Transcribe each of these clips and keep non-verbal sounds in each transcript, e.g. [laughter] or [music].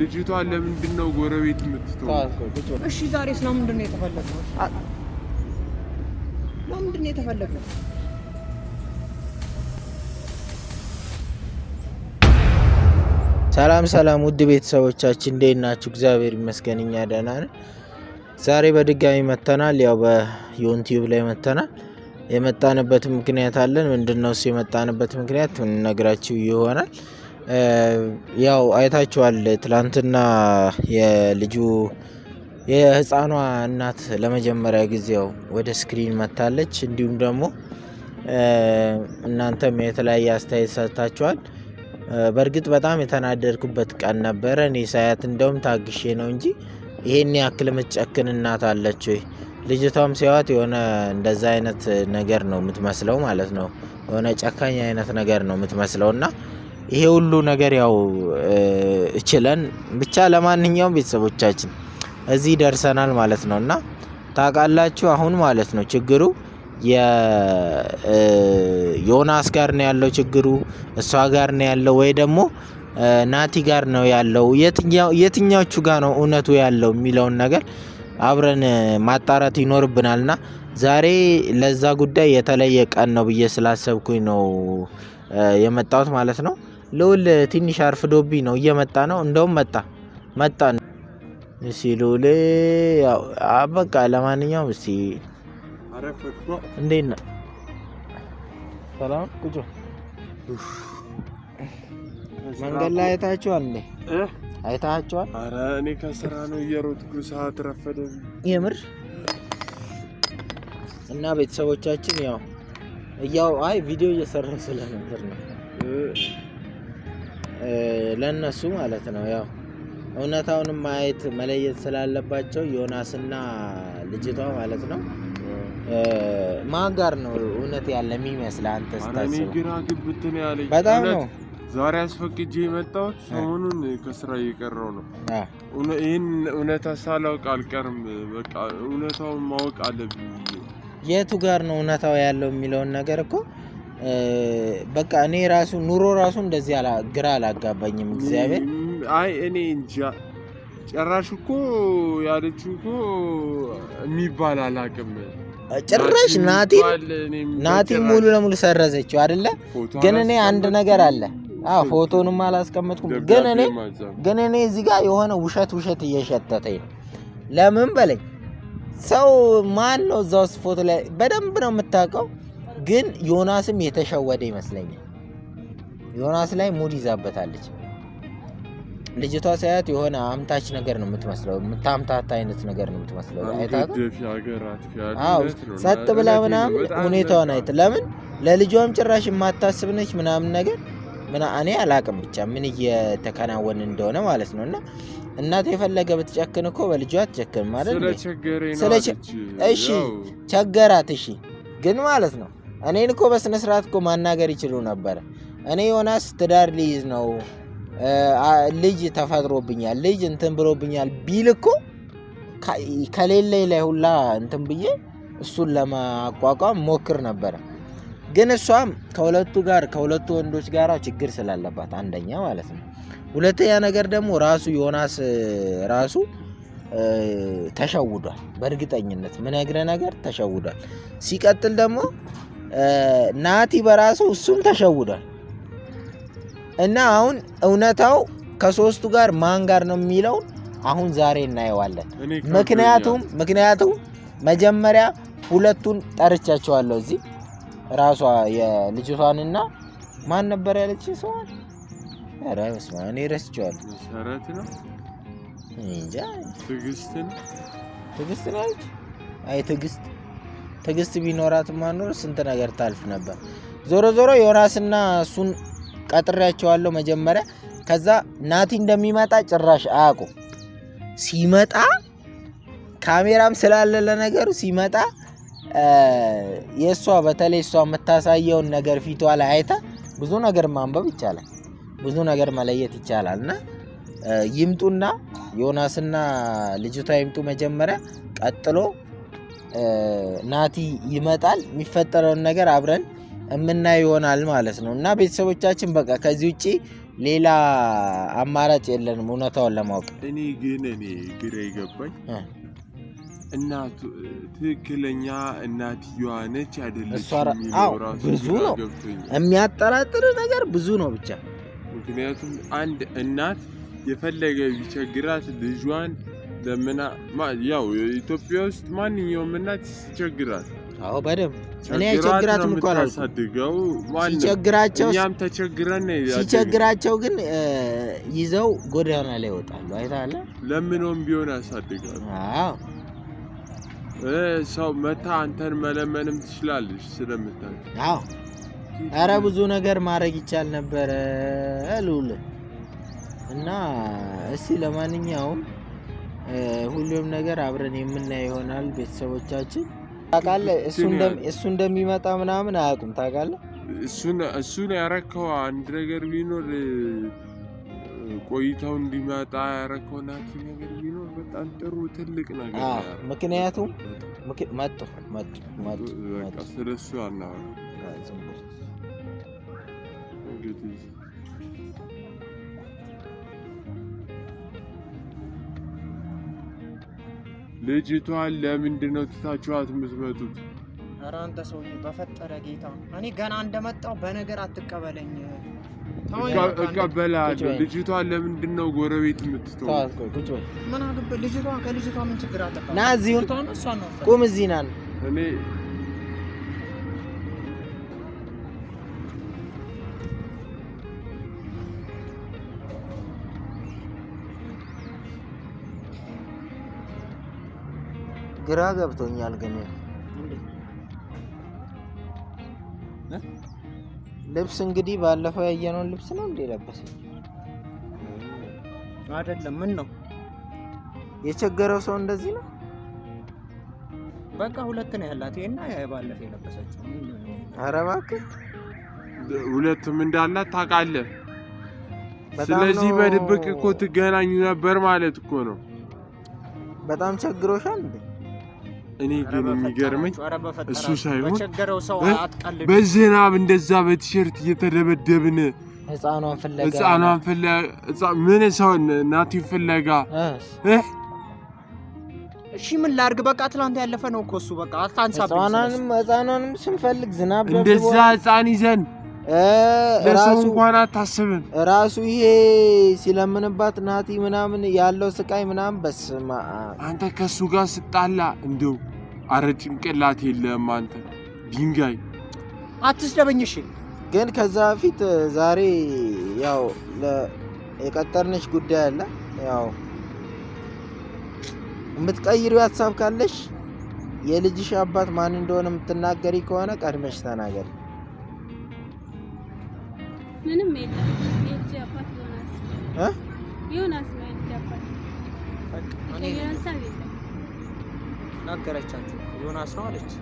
ልጅቷን ለምንድን ነው ጎረቤት የምትተው? እሺ ነው የተፈለግነው? ለምንድን ነው የተፈለግነው? ሰላም ሰላም፣ ውድ ቤተሰቦቻችን እንዴት ናችሁ? እግዚአብሔር ይመስገን እኛ ደህና ነን። ዛሬ በድጋሚ መተናል፣ ያው በዩቲዩብ ላይ መተናል። የመጣንበት ምክንያት አለን። ምንድን ነው እሱ የመጣንበት ምክንያት ነግራችሁ ይሆናል። ያው አይታችኋል። ትላንትና የልጁ የህፃኗ እናት ለመጀመሪያ ጊዜው ወደ ስክሪን መታለች። እንዲሁም ደግሞ እናንተም የተለያየ አስተያየት ሰጥታችኋል። በእርግጥ በጣም የተናደድኩበት ቀን ነበረ። እኔ ሳያት እንደውም ታግሼ ነው እንጂ ይሄን ያክል ምትጨክን እናት አለች ወይ? ልጅቷም ሲያዋት የሆነ እንደዛ አይነት ነገር ነው የምትመስለው ማለት ነው። የሆነ ጨካኝ አይነት ነገር ነው የምትመስለው እና ይሄ ሁሉ ነገር ያው እችለን ብቻ ለማንኛውም ቤተሰቦቻችን እዚህ ደርሰናል ማለት ነው እና ታውቃላችሁ አሁን ማለት ነው ችግሩ የዮናስ ጋር ነው ያለው ችግሩ እሷ ጋር ነው ያለው ወይ ደግሞ ናቲ ጋር ነው ያለው የትኛዎቹ ጋር ነው እውነቱ ያለው የሚለውን ነገር አብረን ማጣራት ይኖርብናልና ዛሬ ለዛ ጉዳይ የተለየ ቀን ነው ብዬ ስላሰብኩኝ ነው የመጣሁት ማለት ነው። ልውል ትንሽ አርፍዶብኝ ነው እየመጣ ነው። እንደውም መጣ መጣ እስቲ በቃ ለማንኛውም እስቲ እንዴት ነው? ሰላም ቁጭ መንገድ ላይ አይታችኋል እንዴ? አይታቸዋል። አረ እኔ ከስራ ነው እየሮጥኩ ሰዓት ረፈደ። የምር እና ቤተሰቦቻችን ያው እያው አይ ቪዲዮ እየሰራ ስለነበር ነው ለእነሱ ማለት ነው። ያው እውነታውንም ማየት መለየት ስላለባቸው ዮናስና ልጅቷ ማለት ነው ማን ጋር ነው እውነት ያለ የሚመስል አንተ ስታስበው በጣም ነው ዛሬ አስፈቅጄ የመጣሁት ሰሞኑን ከስራ እየቀረው ነው። ይህን እውነታ ሳላውቅ አልቀርም። በቃ እውነታውን ማወቅ አለብኝ። የቱ ጋር ነው እውነታው ያለው የሚለውን ነገር እኮ በቃ እኔ ራሱ ኑሮ ራሱ እንደዚህ ግራ አላጋባኝም። እግዚአብሔር አይ እኔ እንጃ። ጭራሽ እኮ ያለችው እኮ የሚባል አላውቅም። ጭራሽ ናቲ ናቲ ሙሉ ለሙሉ ሰረዘችው አይደለ? ግን እኔ አንድ ነገር አለ አዎ ፎቶንም አላስቀመጥኩም። ግን እኔ ግን እኔ እዚህ ጋር የሆነ ውሸት ውሸት እየሸተተኝ ነው። ለምን በለኝ ሰው ማን ነው እዛ ውስጥ ፎቶ ላይ በደንብ ነው የምታውቀው። ግን ዮናስም የተሸወደ ይመስለኛል። ዮናስ ላይ ሙድ ይዛበታለች ልጅቷ። ሳያት የሆነ አምታች ነገር ነው የምትመስለው፣ የምታምታታ አይነት ነገር ነው የምትመስለው። አይታት ጸጥ ብላ ምናምን ሁኔታውን አይት ለምን ለልጇም ጭራሽ የማታስብ ምናምን ነገር ምን እኔ አላቅም ብቻ ምን እየተከናወን እንደሆነ ማለት ነው። እና እናት የፈለገ ብትጨክን እኮ በልጇ አትጨክን ማለት እሺ፣ ቸገራት። እሺ ግን ማለት ነው እኔን እኮ በስነ ስርዓት እኮ ማናገር ይችሉ ነበረ። እኔ ዮናስ ትዳር ልይዝ ነው ልጅ ተፈጥሮብኛል ልጅ እንትን ብሎብኛል ቢል እኮ ከሌለ ላይ ሁላ እንትን ብዬ እሱን ለማቋቋም ሞክር ነበረ። ግን እሷም ከሁለቱ ጋር ከሁለቱ ወንዶች ጋር ችግር ስላለባት አንደኛ ማለት ነው። ሁለተኛ ነገር ደግሞ ራሱ ዮናስ ራሱ ተሸውዷል። በእርግጠኝነት ምነግርህ ነገር ተሸውዷል። ሲቀጥል ደግሞ ናቲ በራሱ እሱም ተሸውዷል። እና አሁን እውነታው ከሶስቱ ጋር ማን ጋር ነው የሚለውን አሁን ዛሬ እናየዋለን። ምክንያቱም ምክንያቱም መጀመሪያ ሁለቱን ጠርቻቸዋለሁ እዚህ ራሷ የልጅቷንና ማን ነበር ያለች ሰዋን? ኧረ በስመ አብ ነው እንጃ ትዕግስት ነው ትዕግስት አይ ትግስት ትግስት ቢኖራት ማኖር ስንት ነገር ታልፍ ነበር። ዞሮ ዞሮ ዮናስና እሱን ቀጥሬያቸዋለሁ መጀመሪያ። ከዛ ናቲ እንደሚመጣ ጭራሽ አያውቁም። ሲመጣ ካሜራም ስላለ ለነገሩ ሲመጣ የእሷ በተለይ እሷ የምታሳየውን ነገር ፊቷ ላይ አይተ ብዙ ነገር ማንበብ ይቻላል፣ ብዙ ነገር መለየት ይቻላል። እና ይምጡና ዮናስና ልጅቷ ይምጡ መጀመሪያ፣ ቀጥሎ ናቲ ይመጣል። የሚፈጠረውን ነገር አብረን የምናየው ይሆናል ማለት ነው። እና ቤተሰቦቻችን በቃ ከዚህ ውጭ ሌላ አማራጭ የለንም እውነታውን ለማወቅ እኔ ግን እኔ ግራ ይገባኝ እናቱ ትክክለኛ እናትየዋ ነች አይደለችም? ብዙ ነው የሚያጠራጥር ነገር ብዙ ነው ብቻ። ምክንያቱም አንድ እናት የፈለገ ቢቸግራት ልጇን ለምና ያው ኢትዮጵያ ውስጥ ማንኛውም እናት ሲቸግራት አዎ በደንብ እኔ አይቸግራትም እኮ አላሳድገው ሲቸግራቸው ግን ይዘው ጎዳና ላይ ይወጣሉ። አይታለ ለምኖም ቢሆን ያሳድጋሉ። አዎ ሰው መታ አንተን መለመንም ትችላለች ስለምታይ። አዎ ኧረ ብዙ ነገር ማድረግ ይቻል ነበረ ልውል እና እስቲ ለማንኛውም ሁሉም ነገር አብረን የምናየው ይሆናል። ቤተሰቦቻችን ታውቃለህ፣ እሱ እንደሚመጣ ምናምን አያውቁም። ታውቃለህ እሱን ያረከው አንድ ነገር ቢኖር ቆይተው እንዲመጣ ያረከው ናኪ ነገር ቢኖር በጣም ጥሩ ትልቅ ነገር። ምክንያቱም መጡ መጡ መጡ ስለሱ አናወራ እንግዲህ ልጅቷን ለምንድን ነው ትታችኋት የምትመጡት? ኧረ አንተ ሰውዬ በፈጠረ ጌታ እኔ ገና እንደመጣው በነገር አትቀበለኝ። እቀበላለሁ። ልጅቷን ለምንድን ነው ጎረቤት የምትተው? ና ቁም። እዚህ ና እኔ ግራ ገብቶኛል ግን ልብስ እንግዲህ ባለፈው ያየነውን ልብስ ነው እንዴ ለበሰች? አይደለም። ምን ነው የቸገረው ሰው እንደዚህ ነው። በቃ ሁለት ነው ያላት፣ ይሄና ያ ባለፈው የለበሰችው። ኧረ እባክህ ሁለትም እንዳላት ታውቃለህ። ስለዚህ በድብቅ እኮ ትገናኙ ነበር ማለት እኮ ነው። በጣም ቸግሮሻል እንዴ? እኔ ግን የሚገርመኝ እሱ ሳይሆን በዝናብ እንደዛ በቲሸርት እየተደበደብን ህፃኗን ፍለጋ ምን ሰውን ናቲ ፍለጋ እሺ ምን ላርግ? በቃ ትላንት ያለፈ ነው እኮ እሱ። በቃ አታንሳብኝ። ህፃኗንም ስንፈልግ ዝናብ እንደዛ ህፃን ይዘን ለሰው እንኳን አታስብም። ራሱ ይሄ ሲለምንባት ናቲ ምናምን ያለው ስቃይ ምናምን በስማ አንተ ከእሱ ጋር ስጣላ እንዲሁ አረ ጭንቅላት የለም አንተ ድንጋይ። አትስደበኝ እሺ። ግን ከዛ በፊት ዛሬ ያው የቀጠርንሽ ጉዳይ አለ። ያው የምትቀይሪው ሀሳብ ካለሽ የልጅሽ አባት ማን እንደሆነ የምትናገሪ ከሆነ ቀድመሽ ተናገሪ። ምንም የለም የልጅ አባት ዮናስ ዮናስ ነው የልጅ አባት ነገረቻችሁ። ዮናስ ነው አለች።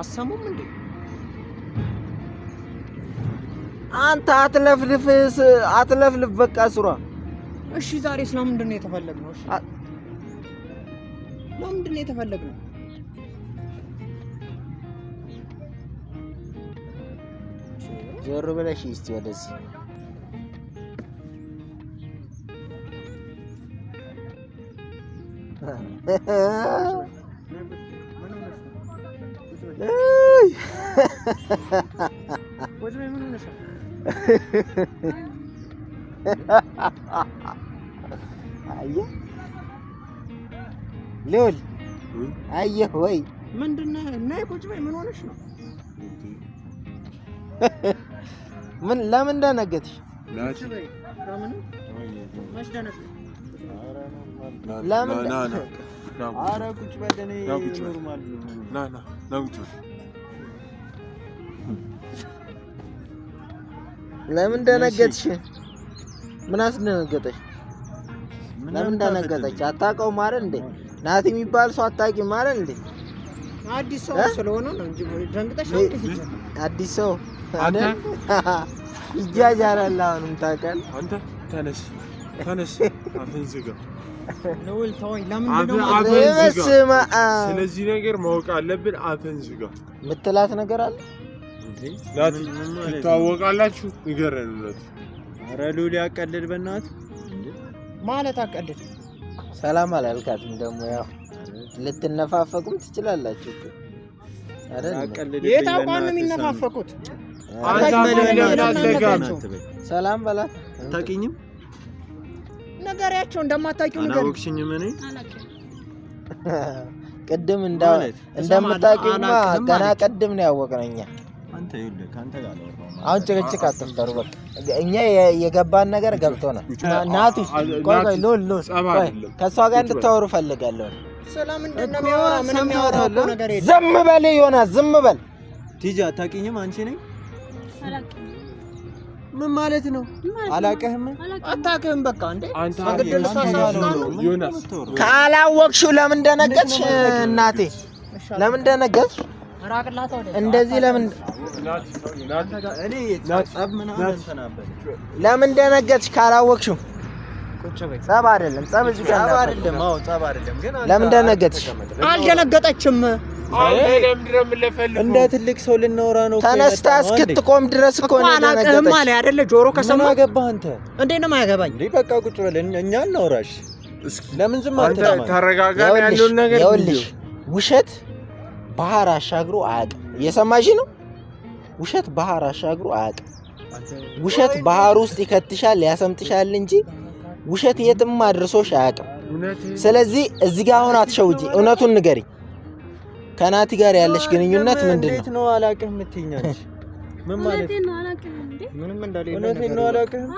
አሰሙም እንዴ? አንተ አትለፍልፍስ፣ አትለፍልፍ በቃ ስሯ። እሺ ዛሬ ስለምንድን ነው የተፈለግነው? እሺ ለምንድን ነው የተፈለግነው? ዞር ብለሽ እስቲ ወደዚህ ልውል አየህ ወይ ምንድን ነህ? ቁጭ በይ። ምን ሆነሽ ነው? ምን ለምን ደነገጥሽ? ለምን ኧረ ቁጭ በል እኔ ለምን ደነገጥሽ ምን አስደነገጠሽ ለምን ደነገጠች አታውቀውም አይደል እንዴ ናት የሚባል ሰው አታውቂም አይደል እንዴ አዲስ ሰው ስለሆነ ነው እንጂ ደንግጠሽ አዲስ ሰው አንተ ይጃጃላል [laughs] አሁንም ታውቃለህ አንተ ተነሽ ተነሽ፣ አፍህን ዝጋ ስለዚህ ነገር ማወቅ አለብን። አፍን ዝጋ የምትላት ነገር አለ ናቲ፣ ንገረን ኧረ በእናትህ ማለት ሰላም አላልካትም ደግሞ። ያው ልትነፋፈቁም ትችላላችሁ። የት የሚነፋፈቁት? ሰላም በላት። ንገሪያቸው እንደማታውቂው ነገር አላወቅሽኝ። ምን ቅድም እንደምታውቂውማ ገና ቅድም ነው ያወቅነው እኛ። አሁን ጭቅጭቅ አትፍጠሩ። በቃ እኛ የገባን ነገር ገብቶናል። ናቱ ቆይ ቆይ፣ ሎል ሎል ቆይ፣ ከእሷ ጋር እንድታወሩ እፈልጋለሁ። ስለምንድን ነው የሚያወራ? ምንም የሚያወራ ነገር የለም። ዝም በል ዮናስ፣ ዝም በል። ቲጂ አታውቂኝም አንቺ ነኝ ምን ማለት ነው? አላቀህም፣ አታውቅህም። በቃ እንዴ ዮናስ፣ ካላወቅሽው ለምን ደነገጥሽ? እናቴ ለምን ደነገጥሽ? እንደዚህ ለምን ለምን ደነገጥሽ? ካላወቅሽው ጸብ አይደለም፣ ጸብ እዚህ ጋር አይደለም። ለምን ደነገጥሽ? አልደነገጠችም። እንደ ትልቅ ሰው ልናወራ ነው። ተነስታ እስክትቆም ድረስ እኮ ነው አለ አይደለ? ጆሮ ከሰማ አገባህ አንተ። እንዴት ነው የማያገባኝ? በቃ ቁጭ በል፣ እኛ እናውራሽ። ለምን ዝም አንተ ተረጋጋ። ያለውን ነገር ይኸውልሽ፣ ውሸት ባህር አሻግሮ አያውቅም። እየሰማሽ ነው? ውሸት ባህር አሻግሮ አያውቅም። ውሸት ባህር ውስጥ ይከትሻል፣ ያሰምጥሻል እንጂ ውሸት የትም አድርሶሽ አያውቅም። ስለዚህ እዚህ ጋር አሁን አትሸውጂ፣ እውነቱን ንገሪኝ። ከናቲ ጋር ያለሽ ግንኙነት ምንድን ነው? እንዴት ነው አላውቅህም እትይኛለሽ? ምን ማለት ነው? እውነቴን ነው አላውቅህም።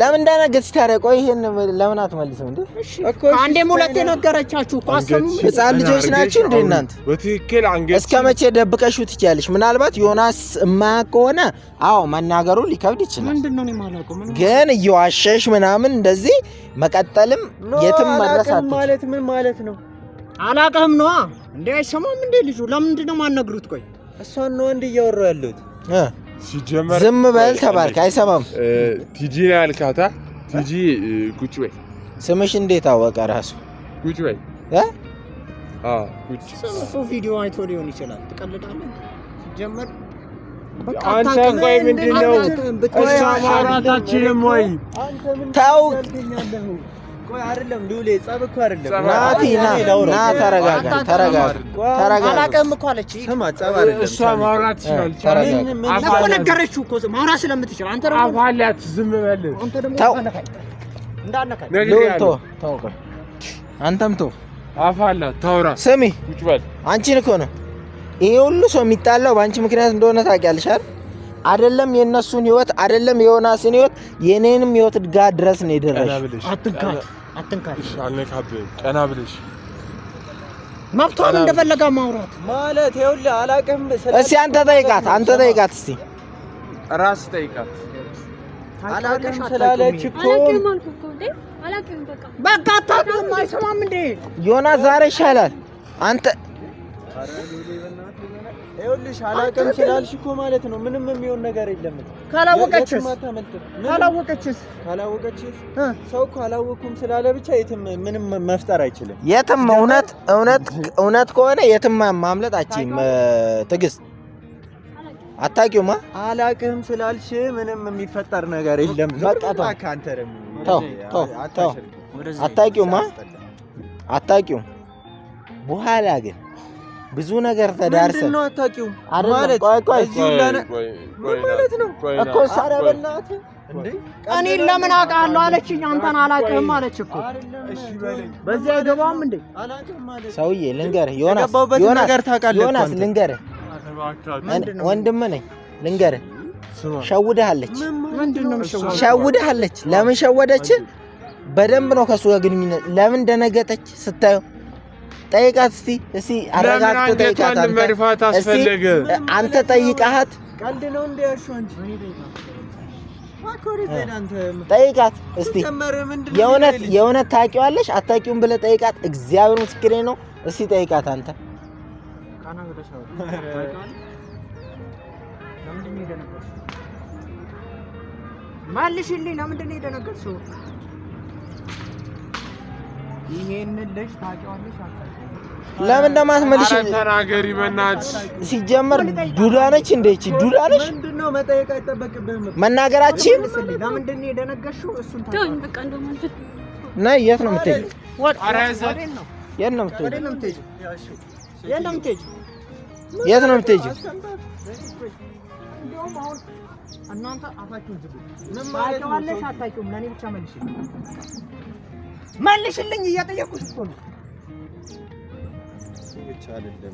ለምን እንዳነገርሽ ታዲያ? ቆይ ይሄን ለምን አትመልስም እንዴ? እኮ አንዴም ሁለቴ ነገረቻችሁ። ፓሰሙ ህፃን ልጆች ናችሁ እንዴ እናንተ? በትክክል አንገት እስከ መቼ ደብቀሽው ትችያለሽ? ምናልባት ዮናስ የማያውቅ ከሆነ አዎ መናገሩ ሊከብድ ይችላል። ግን እየዋሸሽ ምናምን እንደዚህ መቀጠልም የትም መድረሳት ማለት ምን ማለት ነው? አላውቅም ነዋ። እንዴ አይሰማም እንዴ ልጁ? ለምንድን ነው የማነግሩት? ቆይ እሷን ነው እንዴ እያወራሁ ያለሁት ሲጀመር ዝም በል ተባልክ። አይሰማም። ቲጂ ነው ያልካታ። ቲጂ ቁጭ በይ። ስምሽ እንዴት አወቀ ራሱ? ቁጭ በይ። እሱ ቪዲዮ አይቶ ሊሆን ይችላል። ትቀልዳለህ ሲጀመር አንተ ቆይ ምንድን ነው? እሷ ማውራታችንም ወይ ተው ቆይ አንተም ቶ አፋላ ታውራ። ስሚ አንቺን እኮ ነው ይሄ ሁሉ ሰው የሚጣላው በአንቺ ምክንያት እንደሆነ ታውቂያለሽ አይደል? አይደለም የእነሱን ህይወት አይደለም የዮናስን ህይወት የኔንም ህይወት ጋር ድረስ ነው የደረሽ። አትንካት፣ አትንካት፣ አልነካብህም። ቀና ብለሽ መብቷን እንደፈለጋ ማውራት ማለት ይኸውልህ፣ አላውቅም። እስኪ አንተ ጠይቃት፣ አንተ ጠይቃት፣ እስኪ ራስ ጠይቃት። አላውቅም ስላለች እኮ በቃ አታውቅም። አይሰማም እንዴ ዮናስ? ዛሬ ይሻላል አንተ ይኸውልሽ አላውቅም ስላልሽ እኮ ማለት ነው ምንም የሚሆን ነገር የለም። ካላወቀችስ ካላወቀችስ ካላወቀችስ ሰው እኮ አላወኩም ስላለ ብቻ የትም ምንም መፍጠር አይችልም። የትም እውነት እውነት እውነት ከሆነ የትም ማምለጥ አችም ትዕግስት አታውቂውማ። አላውቅም ስላልሽ ምንም የሚፈጠር ነገር የለም። በቃ አንተ ደግሞ ተው ተው ተው። አታውቂውማ አታውቂውም። በኋላ ግን ብዙ ነገር ተዳርሰን ነው። አታውቂው ማለት ቆይ ቆይ ምን ማለት ነው እኮ ሳራ በእናት እንዴ እኔን ለምን አውቃለሁ አለችኝ። አንተን አላውቅህም አለች እኮ። እሺ በለኝ በዚህ አይገባም እንዴ ሰውዬ። ልንገርህ ዮናስ፣ ዮናስ ታውቃለህ፣ ዮናስ ልንገርህ፣ ወንድም ነኝ ልንገርህ። ሸውደሃለች፣ ሸውደሃለች። ለምን ሸወደች? በደንብ ነው ከሱ ጋር ግንኙነት ለምን ደነገጠች ስታየው ጠይቃት እስቲ እስቲ አረጋግጥ። ጠይቃት መድፋት አስፈለገ? አንተ ጠይቃት። ቀልድ ነው እንደ ያሹ አንቺ ጠይቃት እስቲ የእውነት የእውነት ታውቂዋለሽ አታውቂውም ብለህ ጠይቃት። እግዚአብሔር ምስክሬ ነው። እስቲ ጠይቃት አንተ ማልሽልኝ ለምንድን ነው የደነገጥሽው? ይሄንን ልጅ ታውቂዋለሽ ለምን እንደማትመልሽ ተናገሪ በእናትሽ። ሲጀመር ዱዳ ነች እንደ ይቺ ዱዳ ነች። መናገራችን ነይ። የት ነው የምትሄጂው? የት ነው የት ነው የምትሄጂው? እናንተ አፋችሁን ዝጉ። ምን ማለት ነው? አታውቂውም። ለእኔ ብቻ መልሽልኝ፣ መልሽልኝ እያጠየኩሽ እኮ ነው ብቻ አይደለም።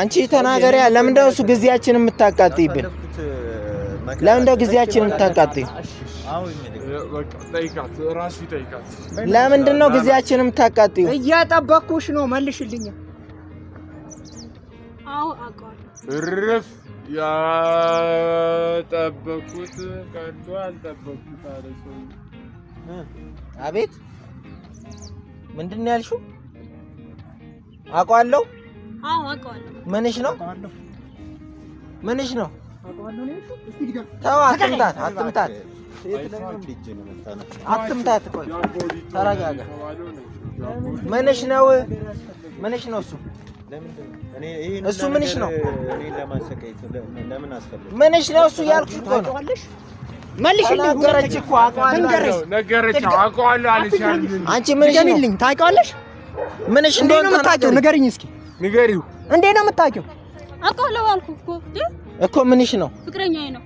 አንቺ ተናገሪያ። ለምን እንደው እሱ ጊዜያችን የምታቃጥይብን? ለምን ጊዜያችን የምታቃጥይ? ለምንድን ነው ጊዜያችን የምታቃጥይው? እያጠበኩሽ ነው። መልሽልኝ። አዎ እርፍ ያጠበኩት ቀርቶ አልጠበኩት አለ አቤት ምንድን ነው ያልሽው? አውቀዋለሁ። አዎ አውቀዋለሁ። ምንሽ ነው? ምንሽ ነው? ተው፣ አትምታት፣ አትምታት፣ አትምታት። ቆይ ተረጋጋ። ምንሽ ነው? ምንሽ ነው እሱ እሱ ምንሽ ነው? ምንሽ ነው እሱ ያልኩሽ እኮ ነው። አንቺ ምንሽልኝ ታውቂዋለሽ? ምንሽ እንደሆነ ነው የምታውቂው? ንገሪኝ እስኪ ንገሪው። እንዴት ነው የምታውቂው? አውቀዋለሁ አልኩ እኮ እኮ ምንሽ ነው? ፍቅረኛዬ ነው።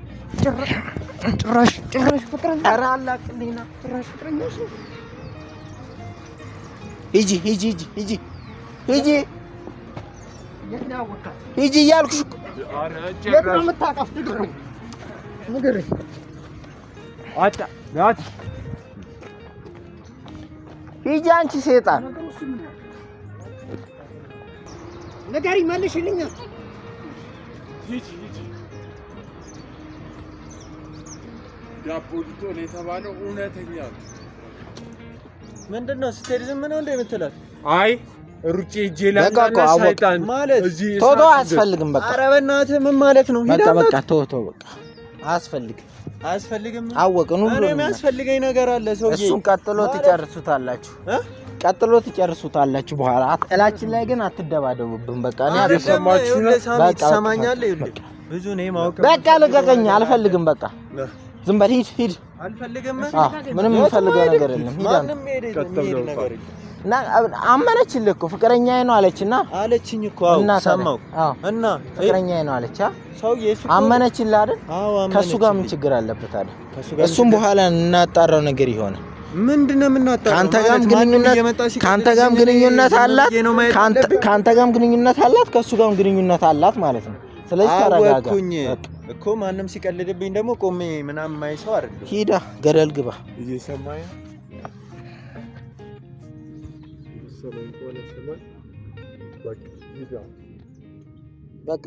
ጭራሽ ጭራሽ ፍቅረኛ ኧረ አላቅልኝና ጭራሽ ፍቅረኛሽ ነው። ሂጂ ሂጂ ሂጂ ሂጂ ሂጂ ሂጂ እያልኩሽ እኮ የት ነው የምታውቃት? ንገሪኝ ወጣ ጋት ሂጂ አንቺ ሰይጣን የተባለው እውነተኛ ነው። ምንድን ነው ስትሄድ ዝም ነው እንደ የምትላት? አይ ሩጬ ማለት ቶቶ አያስፈልግም። በቃ ኧረ በእናትህ ምን ማለት ነው? ሂዳ በቃ ቶቶ በቃ አያስፈልግም። አያስፈልግም። አወቅን ሁሉ የሚያስፈልገኝ ነገር አለ ሰውዬ። እሱን ቀጥሎ ትጨርሱታላችሁ ቀጥሎ ትጨርሱታላችሁ በኋላ። እላችን ላይ ግን አትደባደቡብን። በቃ እኔ አትሰማችሁ ትሰማኛለህ። ብዙ እኔ ማወቅ በቃ ልቀቀኝ፣ አልፈልግም። በቃ ዝም በል ሂድ፣ ሂድ። ምንም የምፈልገው ነገር የለም። ሂድ አንተ እና አመነችልህ እኮ ፍቅረኛዬ ነው እና አለችኝ እኮ እና ሰማሁ እና ፍቅረኛዬ ነው አለች። ሰው አመነችልህ አይደል? ከሱ ጋር ምን ችግር አለበት አለ። እሱም በኋላ እናጣራው ነገር ይሆነ ምንድን ነው የምናጣራው? ካንተ ጋርም ግንኙነት ካንተ ጋርም ግንኙነት አላት፣ ካንተ ጋርም ግንኙነት አላት፣ ከሱ ጋርም ግንኙነት አላት ማለት ነው። ስለዚህ ተረጋጋ እኮ ማንም ሲቀልድብኝ ደግሞ ቆሜ ምናምን ማይሰው አይደል? ሂዳ ገደል ግባ። እየሰማኸኝ silly. We're not silly. Like, you got.